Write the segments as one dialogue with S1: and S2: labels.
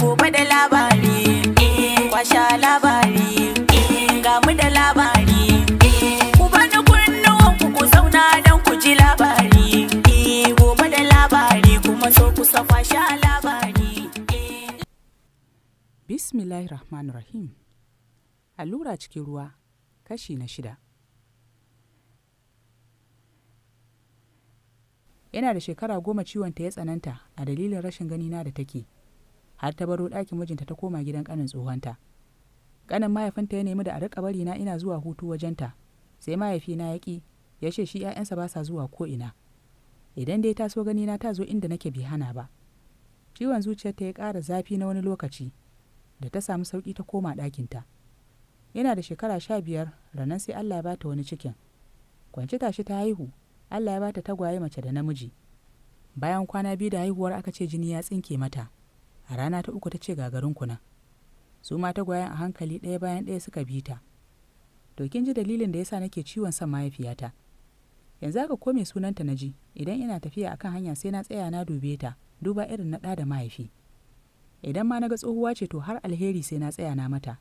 S1: gobe da labari eh, kwasha labari eh, ga mu da labari eh, ku bani kunnuwan ku ku zauna don ku ji labari gobe da labari kuma so ku safa sha labari bismillahir rahmanir rahim allura cikin ruwa kashi na shida yana da shekara goma ciwonta ya tsananta a dalilin rashin ganina da take har ta baro ɗakin mijinta ta koma gidan ƙanin tsohonta ƙanin mahaifinta ya nemi da a riƙa bari na ina zuwa hutu wajenta sai mahaifina ya ƙi ya ce shi 'ya'yansa ba sa zuwa ko ina idan dai ta so gani na ta zo inda nake bi hana ba ciwon zuciyarta ya ƙara zafi na wani lokaci da ta samu sauƙi ta koma ɗakinta yana da shekara sha biyar ranar sai allah ya bata wani cikin kwanci tashi ta haihu allah ya bata tagwaye mace da namiji bayan kwana biyu da haihuwar aka ce jini ya tsinke mata a rana ta uku ta ce gagarin kuna su ma tagwayen a hankali ɗaya bayan ɗaya suka bi ta to kin ji dalilin da yasa nake ciwon son mahaifiyata yanzu haka ko mai sunanta na ji idan ina tafiya a kan hanya sai na tsaya na dube ta duba irin na ɗa da mahaifi idan ma na ga tsohuwa ce to har alheri sai na tsaya na mata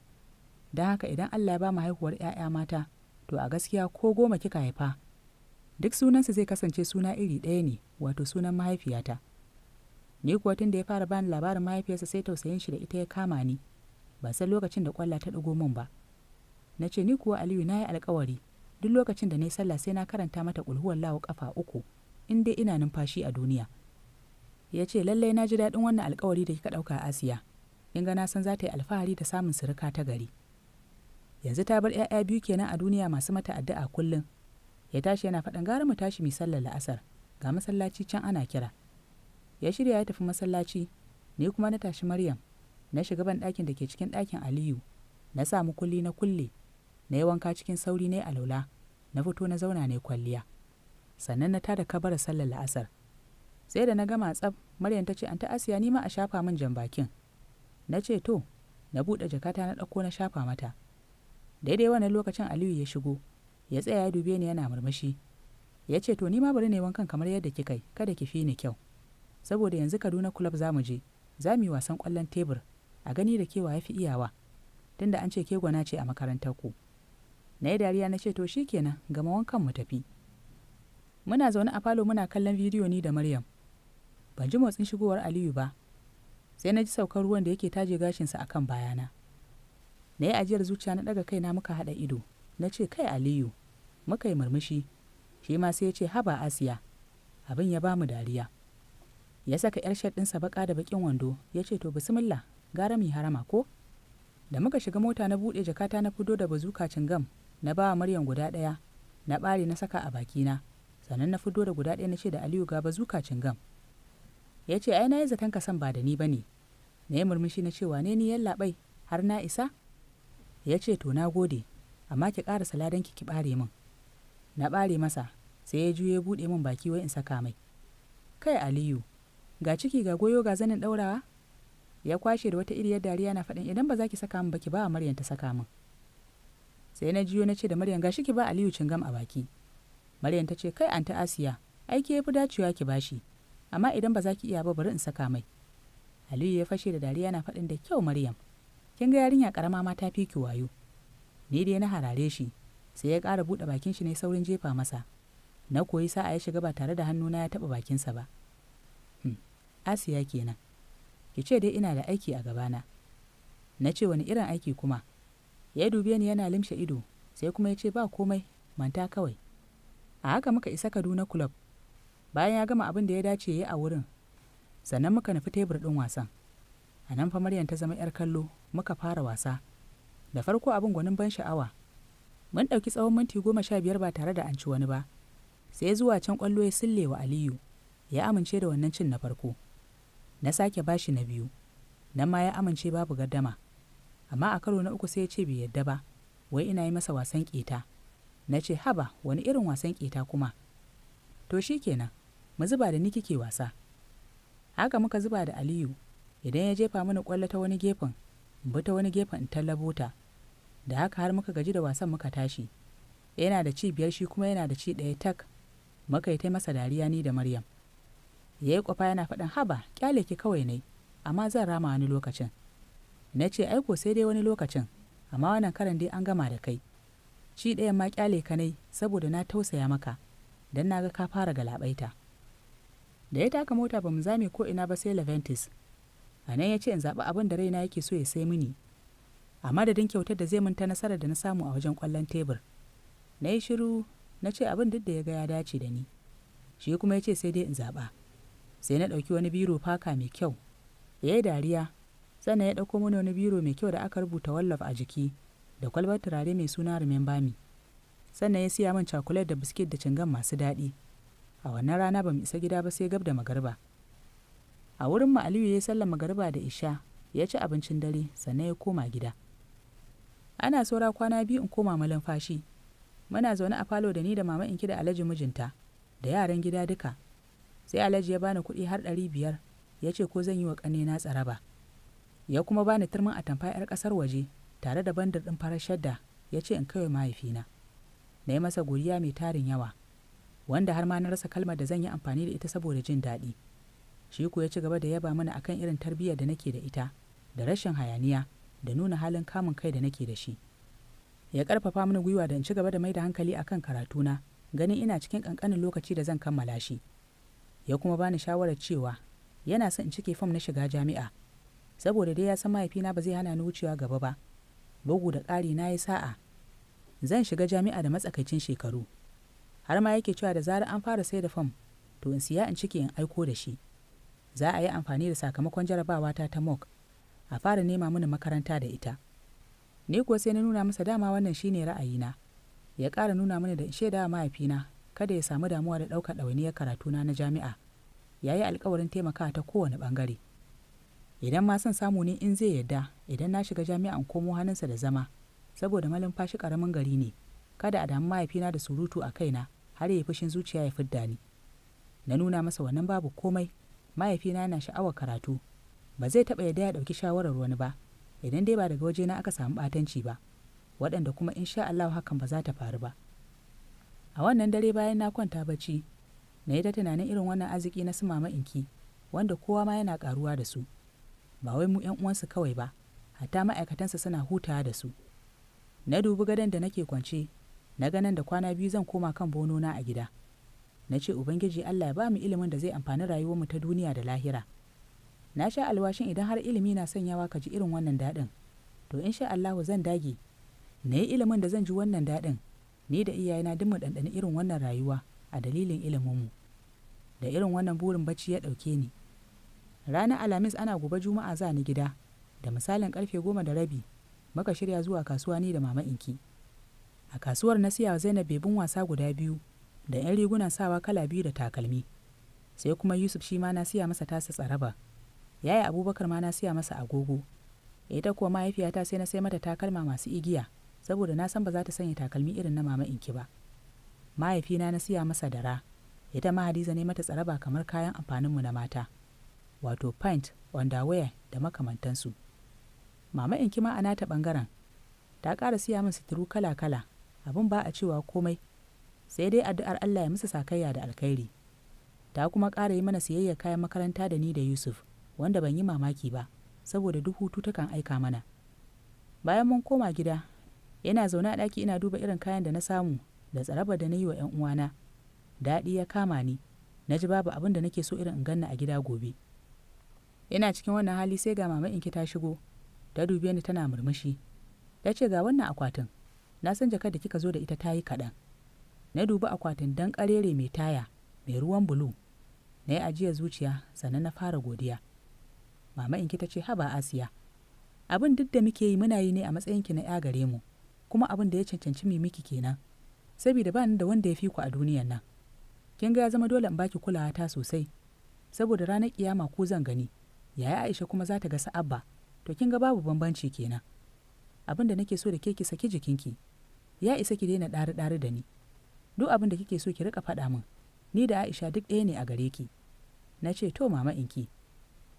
S1: don haka idan allah ya ba mu haihuwar 'ya'ya mata to a gaskiya ko goma kika haifa duk sunansu zai kasance suna iri ɗaya ne wato sunan mahaifiyata ni kuwa tun da ya fara bani labarin mahaifiyarsa sai tausayin shi da ita ya kama ni ba san lokacin da kwalla ta dago min ba na ce ni kuwa aliyu na yi alkawari duk lokacin da na yi sallah sai na karanta mata ƙulhuwar lawa kafa uku in dai ina numfashi a duniya ya ce lallai na ji daɗin wannan alkawari da kika ɗauka a asiya in ga na san za ta yi alfahari da samun surika ta gari yanzu ta bar 'ya'ya biyu kenan a duniya masu mata addu'a kullum ya tashi yana faɗin gara mu tashi mu sallar la'asar ga masallaci can ana kira ya shirya ya tafi masallaci ni kuma na tashi maryam na shiga ban ɗakin da ke cikin ɗakin aliyu na samu kulli na kulle na yi wanka cikin sauri na a alaula na fito na zauna na yi kwalliya sannan na tada kabara sallar la'asar sai da na gama tsab, maryam ta ce an ta asiya ni ma a shafa min jan bakin na ce to na buɗe jakata na ɗauko na shafa mata daidai wannan lokacin aliyu ya shigo ya tsaya ya dube ni yana murmushi ya ce to ni ma bari ne wankan kamar yadda kika yi kada ki fi ni kyau saboda yanzu kaduna club za mu je za mu yi wasan ƙwallon tebur a gani da kewa ya fi iyawa tunda an ce ke gwana ce a makarantar ku na yi dariya na ce to shi kenan gama wankan mu tafi muna zaune a falo muna kallon bidiyo ni da maryam ban ji motsin shigowar aliyu ba sai na ji saukar ruwan da yake taje gashinsa a kan bayana na yi ajiyar zuciya na ɗaga kaina muka haɗa ido na ce kai aliyu muka yi murmushi shi ma sai ya ce haba asiya abin ya ba mu dariya ya saka yar shed ɗinsa baƙa da baƙin wando ya ce to bismilla gara mu harama ko da muka shiga mota na buɗe jakata na fudo da bazuka cingam na bawa maryam guda ɗaya na ɓare na saka a bakina sannan na fido da guda ɗaya na ce da aliyu ga bazuka cingam ya ce ai na yi zaton ka san ba da ni ba ne na yi murmushi na cewa ne ni yallaɓai har na isa ya ce to na gode amma ki ƙara saladan ki ki ɓare min na ɓare masa sai ya juyo buɗe min baki wai in saka mai kai aliyu ga ciki ga goyo ga zanin ɗaurawa ya kwashe da wata iriyar dariya na faɗin idan ba za ki saka min ba ki ba Maryam ta saka min sai na jiyo na ce da Maryam gashi ki ba Aliyu cingam a baki Maryam ta ce kai anta Asiya aiki ya fi dacewa ki bashi amma idan ba za ki iya ba bari in saka mai Aliyu ya fashe da dariya na faɗin da kyau Maryam kin ga yarinya karama ma ta fi ki wayo ni dai na harare shi sai ya ƙara buɗe bakin shi ne saurin jefa masa na koyi sa'a ya shiga ba tare da hannuna ya taɓa bakinsa ba asiya kenan ki ce dai ina da aiki a gabana na ce wani irin aiki kuma ya dube ni yana limshe ido sai kuma ya ce ba komai manta kawai a haka muka isa kaduna club bayan ya gama abin da ya dace ya a wurin sannan muka nufi tebur ɗin wasan a nan fa maryam ta zama 'yar kallo muka fara wasa da farko abin gwanin ban sha'awa mun ɗauki tsawon minti goma sha biyar ba tare da an ci wani ba sai zuwa can ƙwallo ya sille wa aliyu ya amince da wannan cin na farko na sake shi na biyu nan ma ya amince babu gardama amma a karo na uku sai ya ce bai yadda ba wai ina yi masa wasan ƙeta na ce haba wani irin wasan ƙeta kuma to shi kenan mu zuba da ni kike wasa haka muka zuba da aliyu idan ya jefa mana ƙwallo ta wani gefen bi ta wani gefen in tallabo ta da haka har muka gaji da wasan muka tashi yana da ci biyar shi kuma yana da ci ɗaya tak muka yi ta masa dariya ni da maryam ya yi kwafa yana faɗin haba kyale ki kawai ne amma zan rama wani lokacin na ce aiko sai dai wani lokacin amma wannan karan dai an gama da kai shi ɗayan ma kyale ka nai saboda na tausaya maka don na ga ka fara galabaita da ya taka mota ba mu zame ko ina ba sai laventis. a nan ya ce in zaɓi abin da raina yake so ya sai mini a madadin kyautar da zai ta nasarar da na samu a wajen kwallon tebur na yi shiru na ce abin duk da ya ga ya dace da ni shi kuma ya ce sai dai in zaɓa sai na ɗauki wani biro faka mai kyau ya yi dariya sannan ya ɗauko mini wani biro mai kyau da aka rubuta wallaf a jiki da kwalbar turare mai suna rumen bami sannan ya siya min cakulet da biskit da cingan masu daɗi a wannan rana ba mu isa gida ba sai gab da magarba a wurin mu aliyu ya yi sallar magarba da isha ya ci abincin dare sannan ya koma gida ana saura kwana biyu in koma malin fashi muna zaune a falo da ni da mama ki da alhaji mijinta da yaran gida duka sai alhaji ya bani kuɗi har ɗari biyar ya ce ko zan yi wa ƙanena ba? ya kuma bani turmin atamfa 'yar ƙasar waje tare da bandar ɗin farar shadda ya ce in kai mahaifina na yi masa godiya mai tarin yawa wanda har ma na rasa kalmar da zan yi amfani da ita saboda jin daɗi shi ko ya ci gaba da yaba mana akan irin tarbiyyar da nake da ita da rashin hayaniya da nuna halin kamun kai da nake da shi ya ƙarfafa mini gwiwa da in ci gaba da mai da hankali akan karatuna ganin ina cikin ƙanƙanin lokaci da zan kammala shi ya kuma bani shawarar cewa yana son in cike fam na shiga jami'a saboda dai ya san mahaifina ba zai hana ni wucewa gaba ba bugu da ƙari na yi sa'a zan shiga jami'a da matsakaicin shekaru har ma yake cewa da zarar an fara sai da fam to in siya in cike in aiko da shi za a yi amfani da sakamakon jarabawa ta ta Mok. a fara nema mini makaranta da ita ni kuwa sai na nuna masa dama wannan shine ra'ayina ya ƙara nuna mini da in shaida mahaifina kada ya samu damuwa da ɗaukar ɗawainiyar karatuna na jami'a ya yi alkawarin taimakawa ta kowane ɓangare idan ma son samu ne in zai yadda idan na shiga jami'an komo hannunsa da zama saboda malumfashi ƙaramin gari ne kada a damu mahaifina da surutu a kaina har ya fushin zuciya ya fidda ni na nuna masa wannan babu komai mahaifina yana sha'awar karatu ba zai taɓa yadda ya ɗauki shawarar wani ba idan dai ba daga wajena aka samu ɓatanci ba waɗanda kuma in sha Allah hakan ba za ta faru ba. a wannan dare bayan na kwanta bacci na yi ta tunanin irin wannan arziki na su inki wanda kowa ma yana karuwa da su ba wai mu 'yan uwansu kawai ba hatta ma'aikatansa suna hutawa da su na dubi gadon da nake kwance na ganin da kwana biyu zan koma kan bono na a gida na ce ubangiji allah ya ba mu ilimin da zai amfani rayuwarmu ta duniya da lahira na sha alwashin idan har ilimi na sanyawa ka ji irin wannan daɗin to in sha allahu zan dage na yi ilimin da zan ji wannan daɗin ni da iyayena duk mu ɗanɗani irin wannan rayuwa a dalilin iliminmu da irin wannan burin bacci ya ɗauke ni ranar alhamis ana gobe juma'a za ni gida da misalin ƙarfe goma da rabi muka shirya zuwa kasuwa ni da mama inki a kasuwar na siya zainab bebin wasa guda biyu da 'yan riguna sawa kala biyu da takalmi sai kuma yusuf shi ma na siya masa tasa tsaraba yaya abubakar ma na siya masa agogo ita kuwa mahaifiyata sai na sai mata takalma masu igiya saboda na san ba za ta sanya takalmi irin na mama inki ba mahaifina na siya masa dara ita ma hadiza ne mata tsaraba kamar kayan amfaninmu na mata wato pint underwear da makamantansu mama inki ma a nata bangaren ta ƙara siya min suturu kala-kala abin ba a cewa komai sai dai addu'ar Allah ya musu sakayya da alkhairi ta kuma ƙara yi mana siyayya kayan makaranta da ni da Yusuf wanda ban yi mamaki ba saboda duk hutu takan aika mana bayan mun koma gida yana zaune a ɗaki ina duba irin kayan da na samu da tsaraba da na yi wa 'yan uwana daɗi ya kama ni na ji babu abin da nake so irin in ganna a gida gobe Ina cikin wannan hali sai ga mama inki ta shigo ta dube ni tana murmushi ta ce ga wannan akwatin na san jakar da kika zo da ita ta yi kaɗan na dubi akwatin dan ƙarere mai taya mai ruwan bulu na yi ajiyar zuciya sannan na fara godiya mama inki ta ce haba asiya abin duk da muke yi muna yi ne a matsayinki na 'ya gare mu kuma abin da ya cancanci mai miki kenan saboda ba ni da wanda ya fi ku a duniyan nan kin ga ya zama dole in baki kulawa ta sosai saboda ranar kiyama ko zan gani yaya Aisha kuma za ta ga sa'abba to kin ga babu bambanci kenan abin da nake so da ke ki saki jikinki ya isa ki daina ɗari ɗari da ni duk abin da kike so ki rika faɗa min ni da Aisha duk ɗaya ne a gare ki na ce to mama inki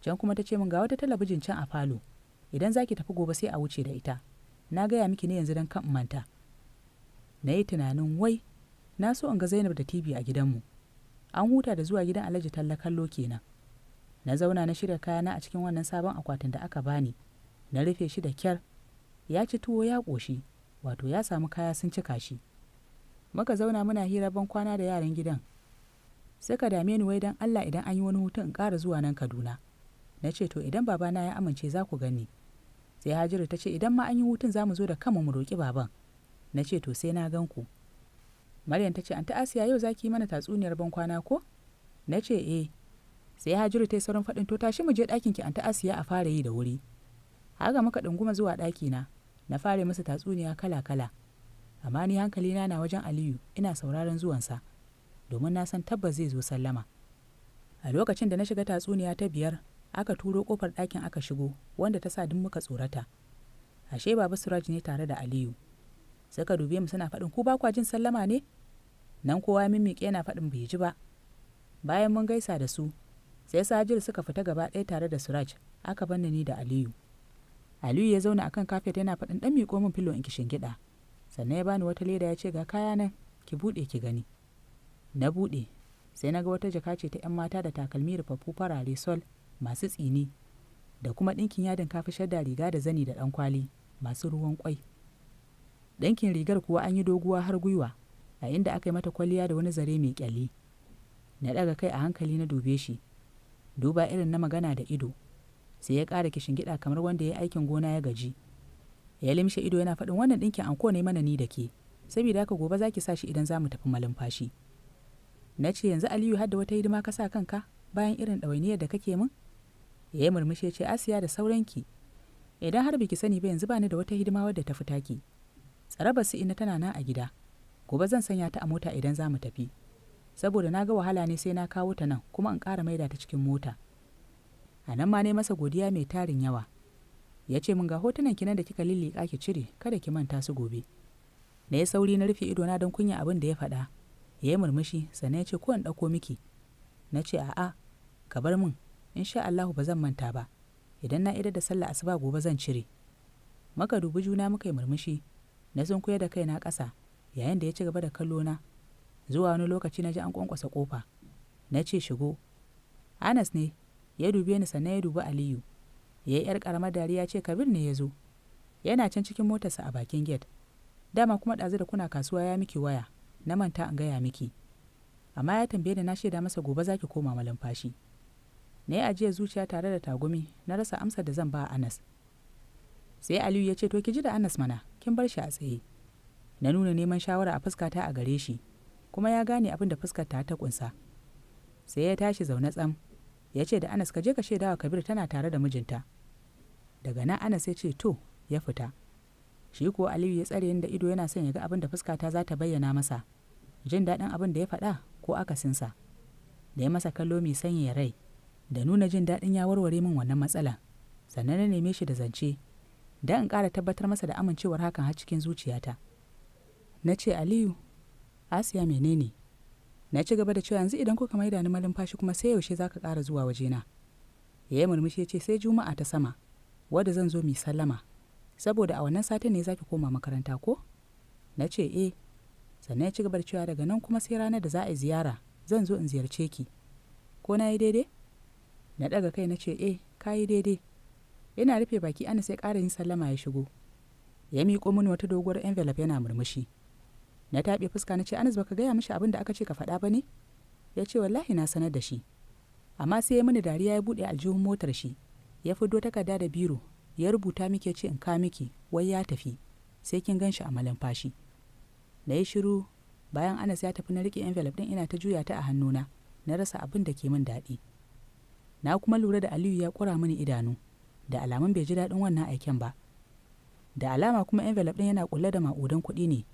S1: can kuma ta ce min ga wata talabijin can a falo idan za ki tafi gobe sai a wuce da ita na gaya miki ne yanzu don kan manta na yi tunanin wai na so in ga zainab da tv a gidanmu an huta da zuwa gidan alhaji talla kallo kenan na zauna na shirya kayana a cikin wannan sabon akwatin da aka bani na rufe shi da kyar ya ci tuwo ya ƙoshi wato ya samu kaya sun cika shi muka zauna muna hira ban kwana da yaran gidan ka dame ni wai don allah idan an yi wani hutu in ƙara zuwa nan kaduna na ce to idan babana ya amince za ku gani sai hajiru ta ce idan ma an yi hutun za mu zo da kanmu mu roƙi baban na ce to sai na gan ku maryam ta ce an ta asiya yau za ki mana tatsuniyar ban kwana ko na ce eh sai hajiru ta yi saurin faɗin to tashi mu je ɗakin ki an ta asiya a fara yi da wuri haka muka ɗunguma zuwa ɗakina na fara masa tatsuniya kala kala amma ni hankalina na wajen aliyu ina sauraron zuwansa domin na san tabbas zai zo sallama a lokacin da na shiga tatsuniya ta biyar aka turo kofar ɗakin aka shigo wanda ta sa duk muka tsorata ashe baba suraj ne tare da aliyu suka dube mu suna faɗin ku ba jin sallama ne nan kowa mimmiƙe yana faɗin bai ji ba bayan mun gaisa da su sai sajil suka fita gaba ɗaya tare da suraj aka banni ni da aliyu aliyu ya zauna akan kafet yana faɗin ɗan miƙo min filo in kishin gida sannan ya bani wata leda ya ce ga kaya nan ki buɗe ki gani na buɗe sai na ga wata jaka ce ta 'yan mata da takalmi rufaffu farare sol masu tsini da kuma ɗinkin yadin kafi shadda riga da zani da ɗankwali masu ruwan kwai ɗinkin rigar kuwa an yi doguwa har gwiwa a inda aka yi mata kwalliya da wani zare mai ƙyalli na ɗaga kai a hankali na dube shi duba irin na magana da ido sai ya ƙara gida kamar wanda ya yi aikin gona ya gaji ya limshe ido yana faɗin wannan ɗinkin anko ne mana ni da ke saboda haka gobe za ki sa shi idan za mu tafi malumfashi na ce yanzu aliyu hadda wata hidima ka sa kanka bayan irin ɗawainiyar da kake min ya yi murmushi ya ce asiya da sauranki idan har biki sani ba yanzu bani da wata hidima wadda ta fita ki tsarabar su ina tana nan a gida gobe zan sanya ta a mota idan za mu tafi saboda na ga wahala ne sai na kawo ta nan kuma in ƙara maida ta cikin mota a nan ma ne masa godiya mai tarin yawa ya ce min ga hotunan kinan da kika lilliƙa ki cire kada ki manta su gobe na yi sauri na rufe idona don kunya abin da ya faɗa ya yi murmushi sannan ya ce ko in ɗauko miki na ce a'a ka bar min in sha Allahu ba zan manta ba idan na idar da sallah asuba gobe zan cire muka dubi juna muka yi murmushi na sun sunkuya da kai kaina ƙasa yayin da ya ci gaba da kallo na zuwa wani lokaci na ji an kwankwasa kofa na ce shigo Anas ne ya dubi ni sannan ya dubi Aliyu ya yi 'yar ƙaramar dariya ce Kabir ne ya zo yana can cikin motarsa a bakin gate dama kuma ɗazu da kuna kasuwa ya miki waya na manta an gaya miki amma ya tambaye da na shaida masa gobe za ki koma malamfashi fashi na yi ajiyar zuciya tare da tagumi na rasa amsa da zan ba anas sai aliyu ya ce to ki ji da anas mana kin bar shi a tsaye na nuna neman shawara a fuskata a gare shi kuma ya gane abin da fuskar ta ta kunsa sai ya tashi zaune tsam ya ce da anas ka je ka shaidawa kabir tana tare da mijinta daga nan anas ya ce to ya fita shi ko aliyu ya tsare da ido yana son ya ga abin da fuskata za ta bayyana masa jin daɗin abin da ya faɗa ko akasinsa da ya masa kallo mai sanya rai da nuna jin daɗin ya warware min wannan matsalan sannan na neme shi da zance da in ƙara tabbatar masa da amincewar hakan har cikin zuciyata na ce aliyu asiya menene na ci gaba da cewa yanzu idan kuka maida ni malumfashi kuma sai yaushe za ka ƙara zuwa wajena ya yi murmushi ya ce sai juma'a ta sama wadda zan zo mu sallama saboda a wannan satin ne za ki koma makaranta ko na ce eh sannan ya ci gaba da cewa daga nan kuma sai ranar da za a yi ziyara zan zo in ziyarce ki ko na yi daidai na ɗaga kai na ce eh ka yi daidai yana rufe baki ana sai ƙara yin sallama ya shigo ya miƙo mini wata doguwar envelope yana murmushi na taɓe fuska na ce anas baka gaya mishi abin da aka ce ka faɗa ba ne ya ce wallahi na sanar da shi amma sai ya mini dariya ya buɗe aljihun motar shi ya do takarda da biro ya rubuta miki ya ce in ka miki wai ya tafi sai kin ganshi shi a malamfashi na yi shiru bayan anas ya tafi na riƙe envelope ɗin ina ta juya ta a hannuna na rasa abin da ke min daɗi na kuma lura da aliyu ya kura mini idanu da alamun bai ji daɗin wannan aiken ba da alama kuma envelope ɗin yana kula da maƙudan kuɗi ne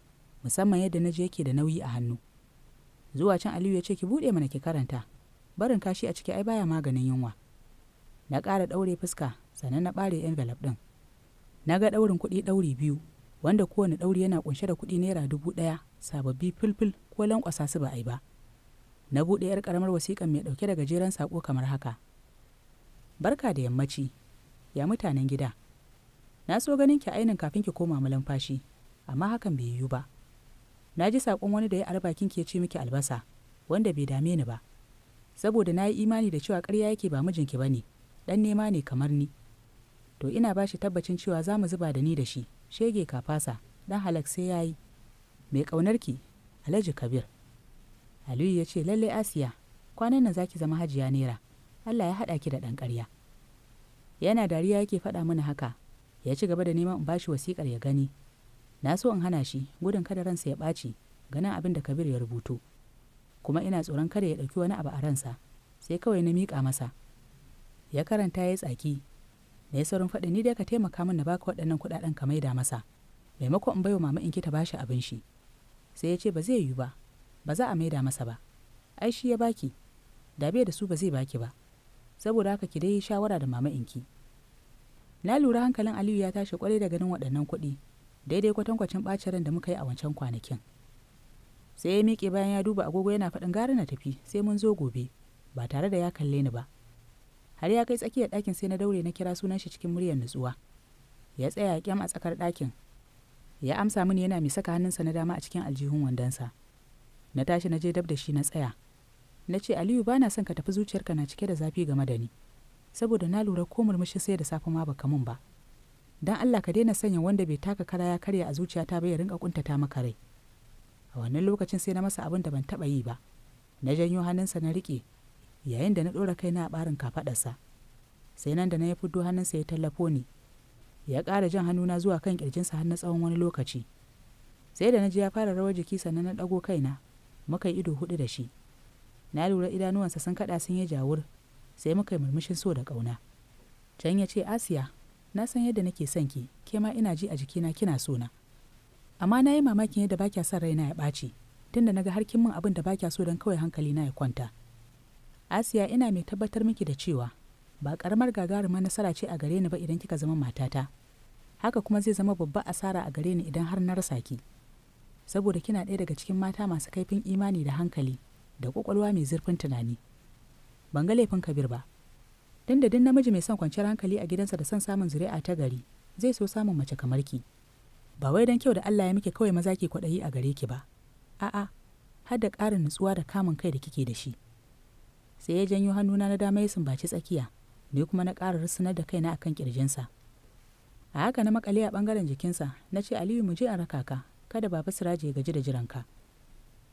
S1: musamman yadda na je yake da nauyi a hannu zuwa can aliyu ya ce ki buɗe mana ki karanta barin kashi a ciki ai baya maganin yunwa na ƙara ɗaure fuska sannan na ɓare envelope ɗin na ga ɗaurin kuɗi ɗauri biyu wanda kowane ɗauri yana ƙunshe da kuɗi naira dubu ɗaya sababbi filfil ko lankwasa su ba a ba na buɗe 'yar ƙaramar wasiƙa mai ɗauke da gajeren saƙo kamar haka barka da yammaci ya mutanen gida na so ganin ki ainin kafin ki koma mu lamfashi amma hakan bai yiwu ba na ji saƙon wani da ya albakin ki ya ce miki albasa wanda bai dame ni ba saboda na yi imani da cewa ƙarya yake ba mijinki ba ne ɗan nema ne kamar ni to ina ba shi tabbacin cewa za mu zuba da ni da shi shege kafasa, fasa ɗan halak sai ya yi mai ƙaunarki alhaji kabir aliyu ya ce lallai asiya kwanan nan za ki zama hajiya naira Allah ya haɗa ki da ɗan ƙarya yana dariya yake faɗa mana haka ya ci gaba da neman in ba shi wasiƙar ya gani na so in hana shi gudun kada ransa ya ɓaci ganin abin da kabir ya rubutu. kuma ina tsoron kada ya ɗauki wani abu a ransa sai kawai na miƙa masa ya karanta ya yi tsaki na yi saurin faɗi ni dai ka taimaka min na baka waɗannan kuɗaɗen ka maida masa maimakon in baiwa mama in ta shi abin shi sai ya ce ba zai yiwu ba ba za a maida masa ba ai shi ya baki da bai da su ba zai baki ba saboda haka ki dai shawara da mama inki na lura hankalin aliyu ya tashi kwarai da ganin waɗannan kuɗi daidai kwatankwacin ɓacin ran da muka yi a wancan kwanakin sai ya miƙe bayan ya duba agogo yana faɗin gara na tafi sai mun zo gobe ba tare da ya kalle ni ba har ya kai tsakiyar ɗakin sai na daure na kira sunan shi cikin muryar nutsuwa ya tsaya kyam a tsakar ɗakin ya amsa mini yana mai saka hannunsa na dama a cikin aljihun wandonsa na tashi na je dab da shi na tsaya na ce aliyu bana son ka tafi zuciyarka na cike da zafi game da ni saboda na lura ko murmushi sai da safe ma baka mun ba dan Allah ka daina sanya wanda bai taka kara ya karya a zuciyata ba ya rinka kuntata maka rai a wannan lokacin sai na masa abin da ban taba yi ba na janyo hannunsa na rike yayin da na ɗora kaina a ɓarin kafaɗarsa sai nan da na ya fiddo hannunsa ya tallafo ni ya ƙara jan hannuna zuwa kan ƙirjinsa har na tsawon wani lokaci sai da na ji ya fara rawar jiki sannan na ɗago kaina muka yi ido hudu da shi na lura idanuwansa sun kaɗa sun yi jawur sai muka yi murmushin so da ƙauna can ya ce asiya na san yadda nake son ki ke ma ina ji a jikina kina so na amma na yi mamakin yadda ba kya son raina ya ɓaci tunda na ga har kin min abin da ba so don kawai hankali na ya kwanta asiya ina mai tabbatar miki da cewa ba karamar gagarumar nasara ce a gare ni ba idan kika zama matata haka kuma zai zama babba asara a gare ni idan har na rasa ki saboda kina ɗaya daga cikin mata masu kaifin imani da hankali da kwakwalwa mai zurfin tunani ban ga laifin kabir ba dan da namiji mai son kwanciyar hankali a gidansa da son samun zuri'a ta gari zai so samun mace kamar ki ba wai dan kyau da Allah ya miki kawai maza ke kwaɗayi a gare ki ba a'a har da ƙarin nutsuwa da kamun kai da kike da shi sai ya janyo hannuna na dama ya sumbaci tsakiya ne kuma na ƙara rusunar da kaina akan ƙirjinsa a haka na makale a ɓangaren jikinsa na ce aliyu mu je a raka ka kada baba siraji ya gaji da jiranka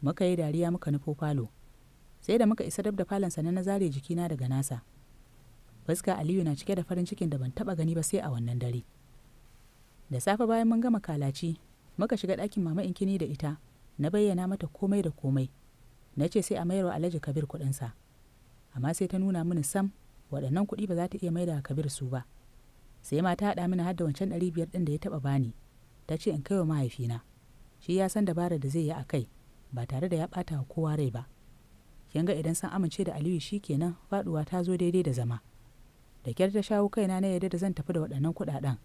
S1: muka yi dariya muka nufo falo sai da muka isa dab da falon sannan na zare jikina daga nasa fuska aliyu na cike da farin cikin da ban taba gani ba sai a wannan dare da safe bayan mun gama kalaci muka shiga ɗakin mama inkini da ita na bayyana mata komai da komai na ce sai a mayarwa alhaji kabir kuɗinsa amma sai ta nuna mini sam waɗannan kuɗi ba za ta iya mai da kabir su ba sai ma ta haɗa mini har da wancan ɗari biyar ɗin da ya taɓa bani ta ce in kai wa mahaifina shi ya san dabarar da zai yi a kai ba tare da ya ɓata wa kowa rai ba kin idan san amince da aliyu shi kenan faɗuwa ta zo daidai da zama da kyar ta shawo kaina na yadda da zan tafi da waɗannan kuɗaɗen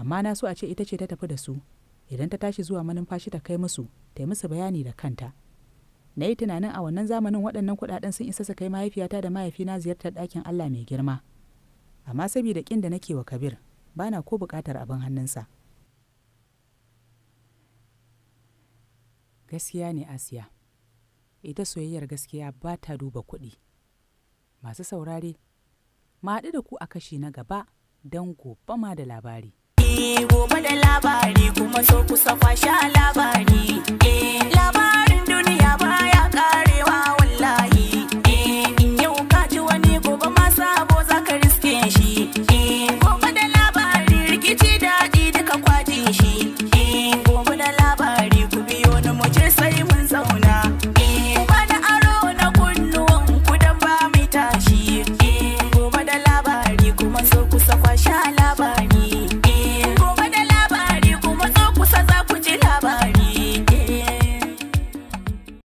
S1: amma na so a ce ita ce ta tafi da su idan ta tashi zuwa manumfashi ta kai musu ta yi musu bayani da kanta na yi tunanin a wannan zamanin waɗannan kuɗaɗen sun isa su kai mahaifiyata da mahaifina ziyartar ɗakin allah mai girma amma saboda ƙin da nake wa kabir bana ko buƙatar abin hannunsa. Gaskiya ne Asiya, ita soyayyar gaskiya ba ta duba kuɗi. Masu saurare, ma haɗu da ku a kashi na gaba don gobe ma da labari. Eh, gobe da labari kuma so kusa kwashe labari. Eh, labarin duniya ba